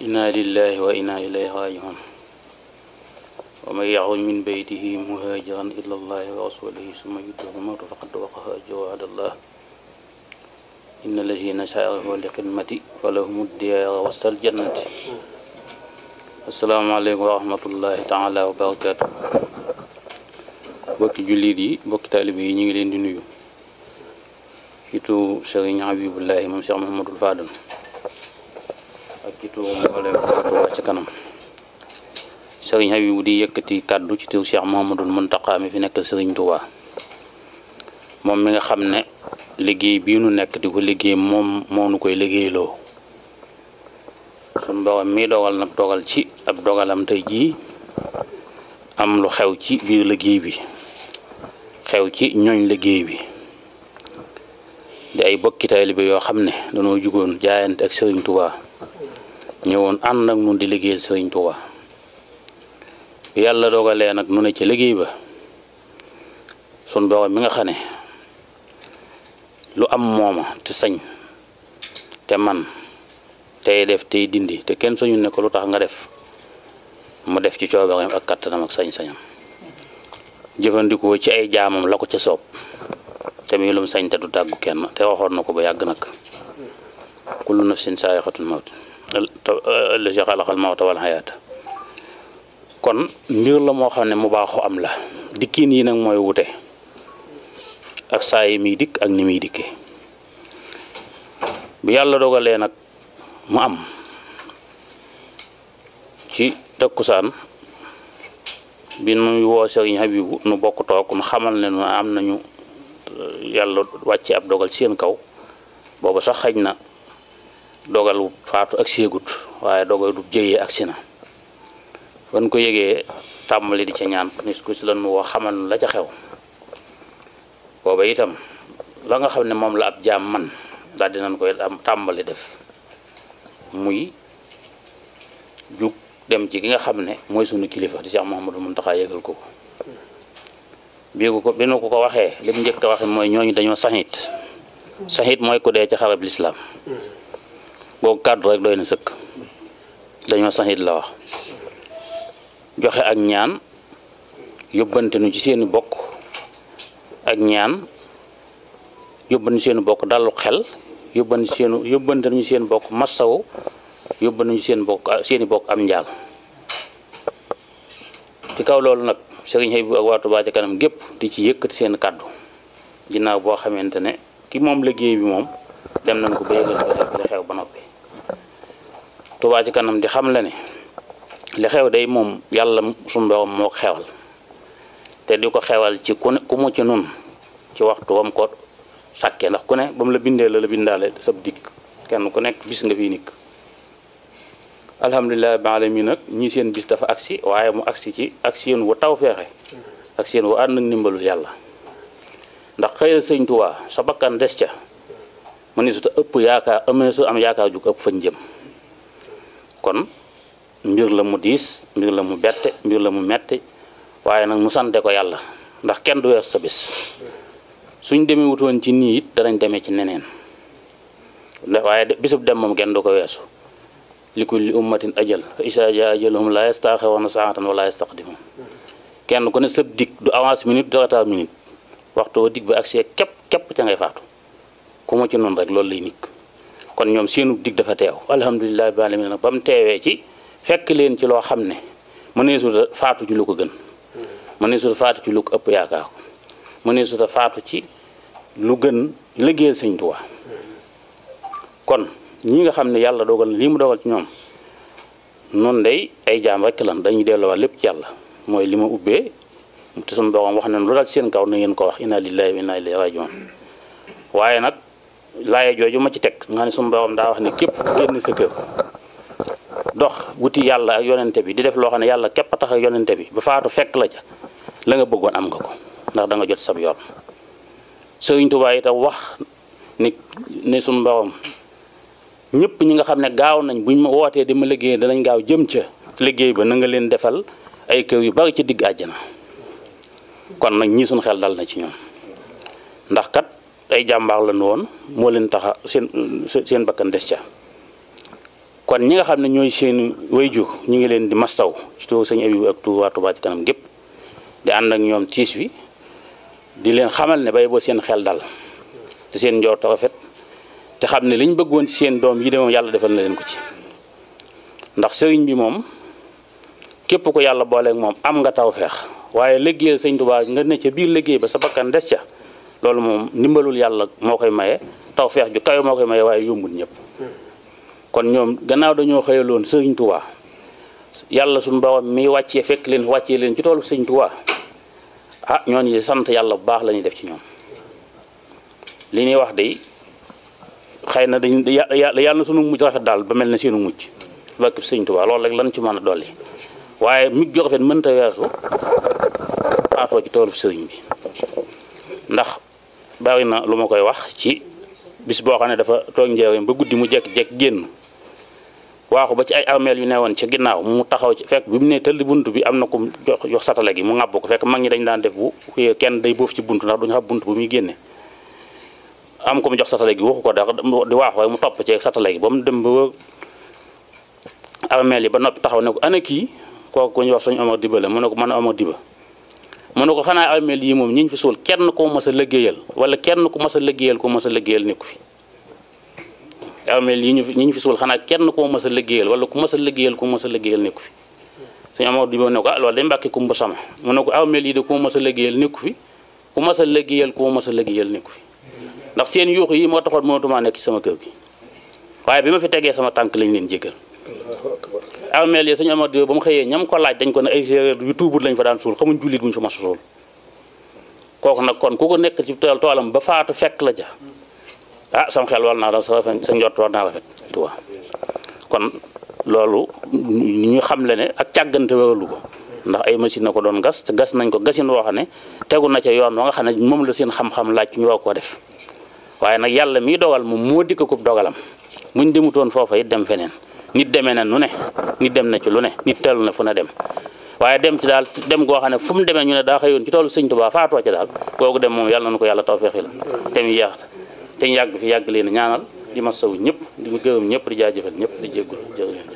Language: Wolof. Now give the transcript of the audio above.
inna lillahi wa inna ilayhi rajiun wa man min beytihi muhajiran ila allahi wa rasulihi summa yudriku mawtu waqa'a ajruhu allah inna lazina sa'u li xidmati falahum diyaara wastal jannati asalaamaaleykum wa rahmatullahi taala wa barakaatu bokki jullit bokki taalibe yi ñu ngi leen di nuyu surtout Serigne Habibullahi moom Cheikh Mouhamadoul Fadal ak ci turu mbooleem waa Touba ci kanam sëriñ Habibou di yëkkati kàddu ci turu Cheikh Mouhamadul Mountakha mi fi nekk sëriñ Touba moom mi nga xam ne liggéey bii nu nekk di ko liggéey moom moo nu koy liggéeyloo suñ borom mii dogal nag dogal ci ab dogalam tey jii am lu xew ci biir liggéey bi xew ci ñooñ liggéey bi di ay bokki taalibe yoo xam ne dañoo jugoon jaayante ak Sëriñ Tuubaa ñëwoon ànd ak nun di liggéeyal sëriñ Tuuba yàlla dogalee nag nu ne ci liggéey ba sun borom mi nga xane lu am mooma te sañ te man tey def tey dindi te kenn sañu ne ko lu tax nga def mu def ci coobareem ak kattanam ak sañ-sañam jëfandikoo ci ay jaamam la ko ca soob te muy lum sañ te du tàggu kenn te waxoon na ko ba yàgg nag kullu nafsin saa'iqatul mawt allazi xalaqal mawta wal hayaata kon mbir la moo xam ne mu baaxoo am la dikkiin yi nag mooy wute ak saa yi dikk ak ni muy dikkee bu yàlla dogalee nag mu am ci takkusaan bi nuy woo Sëriñ nu bokk toog nu xamal ne nu am nañu yàlla wàcce ab dogal seen kaw booba sax xëj na dogalu faatu ak séegut waaye dogal du aksi na fan ko yëgee tàmbali di ca ñaan nis ku si lan woo xamal la ca xew booba itam la nga xam ne moom la ab jaam man daal dinañ koy tàmbali def muy jug dem ci ki nga xam ne mooy sunu kilifa di Cheikh Mouhamadou Mountakha yëgal ko ko bii ko ko bi nu ko ko waxee lim njëkk a waxe mooy ñooñu dañoo saxit saxit mooy ko dee ci xarab lislaam boo kàddu rek doy na sëkk dañoo saxit la wax joxe ak ñaan yóbbante nu ci seeni bokk ak ñaan yóbbante seeni bokk dalu xel yóbbante seenu nu seen bokk massawu yóbbante seen seeni bokk am njaal ci kaw loolu nag Serigne Habibu ak waa Touba Ca Kanam gépp di ci yëkkati seeni kàddu ginnaaw boo xamante ne ki moom liggéey bi moom dem nañ ko ba Touba ci kanam di xam la ne li xew day moom yàlla suñu moo xewal te di ko xewal ci ku ne ku mu ci nun ci waxtu wam ko sàkkee ndax ku ne ba mu la bindee la la bindaale sab dikk kenn ku nekk bis nga fi nikk alhamdulilah bi alamin nag ñii seen bis dafa aksi waaye mu agsi ci ak seen wu taw feexe ak seen wu ànd ak ndimbalul yàlla ndax xëyal sëñ Tuubaa sa bakkan des ca ma su ta ëpp yaakaar amee su am yaakaar jug ëpp fañ jëm kon mbir la mu diis mbir la mu bette mbir la mu metti waaye nag mu sante ko yàlla ndax kenn du wees sa bis suñ demee wutoon ci nii it danañ demee ci neneen waaye bisub dem moom kenn du ko weesu li kulli ummatin ajal fa isa ja ajaluhum la yastaxiruuna saatan wala yastaqdimuun kenn ku ne sëb dig du avance minute du retard minute waxtu wa dig ba agsi képp képp ca ngay faatu ku mu ci noonu rek loolu lay nikk kon ñoom seenu digg dafa teew alhamdulilah bi alamin nag ba mu teewee ci fekk leen ci loo xam ne mënee faatu ci lu ko gën mënee suta faatu ci lu ko ëpp yaakaar ko mënee ci lu gën liggéeyal sëñtuwa kon ñi nga xam ne yàlla dogal lii mu dogal ci ñoom noon day ay jaam rekk lan dañuy delloowaat lépp ci yàlla mooy li ma ubbee te suñu borom wax ne lu dal ci seen kaw na ngeen ko wax inna lillahi wa inna ilayhi rajiun waaye nag laaye jooju ma ci teg nga ne suñu borom daa wax ne képp ku génn sa kër dox wuti yàlla ak yonente bi di def loo xam ne yàlla képp a tax ak yonente bi ba faatu fekk la ca la nga bëggoon am nga ko ndax danga jot sab yoon sëriñ Tuubaa itam wax ni ne suñu borom ñëpp ñi nga xam ne gaaw nañ buñ ma wootee di ma liggéey danañ gaaw jëm ca liggéey ba na nga leen defal ay kër yu bari ci digg àjjana kon nag ñii suñu xel dal na ci ñoom ndax kat ay jàmbaar lañu woon moo leen taxa seen seen bakkan des ca kon ñi nga xam ne ñooy seen wayjur ñu ngi leen di mastaw ci turu sëñ Abibu ak turu kanam gépp di ànd ak ñoom tiis wi di leen xamal ne bay boo seen xel dal te seen njort rafet te xam ne liñ bëggoon ci seen doom yi de moom yàlla defal na leen ko ci ndax sëriñ bi moom képp ko yàlla booleeg moom am nga taw feex waaye liggéeyal sëñ Touba nga ne biir liggéey ba sa bakkan des ca loolu moom ndimbalul yàlla moo koy maye taw feex ju kawe moo koy maye waaye yombul ñëpp kon ñoom gannaaw dañoo xëyaloon sëriñ Tuubaa yàlla suñu borom mi wàccee fekk leen wàccee leen ci toolu sëriñ Tuubaa ah ñooñu di sant yàlla bu baax la def ci ñoom li ñuy wax de xëy na dañ yàlla sunu mujj rafet daal ba mel na seenu mujj bakk sëriñ Tuubaa loolu rek ci mën a dolli waaye mujj rafet mënta weesu ci toolu sëriñ bi ndax bari na lu ma koy wax ci bis boo xam ne dafa toog njëriñ ba guddi mu jekk-jekk génn waaxu ba ci ay armeel yu newoon ci ginnaaw mu taxaw ci fekk bi mu ne tëll bunt bi am na ku jox jox satale gi mu ŋàbb ko fekk mag ñi dañ daan def bu kenn day boof ci bunt ndax duñu xam bunt bu muy génne am ko mu jox satale waxu ko dax di waaxu waaye mu topp ci satale gi ba mu dem ba wër armeel yi ba noppi taxaw ne ko ana kii kooku ku ñu wax suñu Omar Diba la mu ko mën a Omar Diba mu ne ko xanaa ameel yi moom ñi ñu fi suul kenn ko mos a liggéeyal wala kenn ku mos a ko mos a liggéeyal nekku fi ameel ñu fi fi suul xanaa kenn ko mos liggéeyal wala ku mos a liggéeyal ko mos liggéeyal nekku fi suñu amoo du ne ko ah loolu day mbàkki kumba sama mu ne ko ameel ah, yi de ko mos a liggéeyal nekku fi ku mas a liggéeyal ko mas a liggéeyal nekku fi ndax seen yuux yi moo taxoon mënatumaa nekk ci sama kër gi waaye bi ma fi tegee sama tànk lañ leen jégal armeel yi sëñ Amadou ba mu xëyee ñam ko laaj dañ ko ne ay séeréer yu tuubut lañ fa daan suul xamuñ jullit guñ fa mas kooku nag kon ku ko nekk ci tool toolam ba faatu fekk la ja ah sam xel wal naa la sa sa njort war naa rafet tu kon loolu ñu xam le ne ak càggante wéralu ko ndax ay machine na ko doon gas te gas nañ ko gasin woo xam ne tegu na ca yoon wa nga xam ne moom la seen xam-xam laaj ñu woo koo def waaye nag yàlla miy dogal moom moo dikk ko dogalam buñ demutoon foofa it dem feneen nit demee na nu ne nit dem na ci lu ne nit tellu na fu na dem waaye dem ci daal dem goo xam ne fu mu demee ñu ne daa xëyoon ci toolu sëñ Tuubaa faatoo ci daal kooku dem moom yàlla na ko yàlla tawfeexi la te mu yeex te ñu yàgg fi yàgg leen ñaanal di ma sow ñëpp di ma gërëm ñëpp di jaajëfal ñëpp di jéggul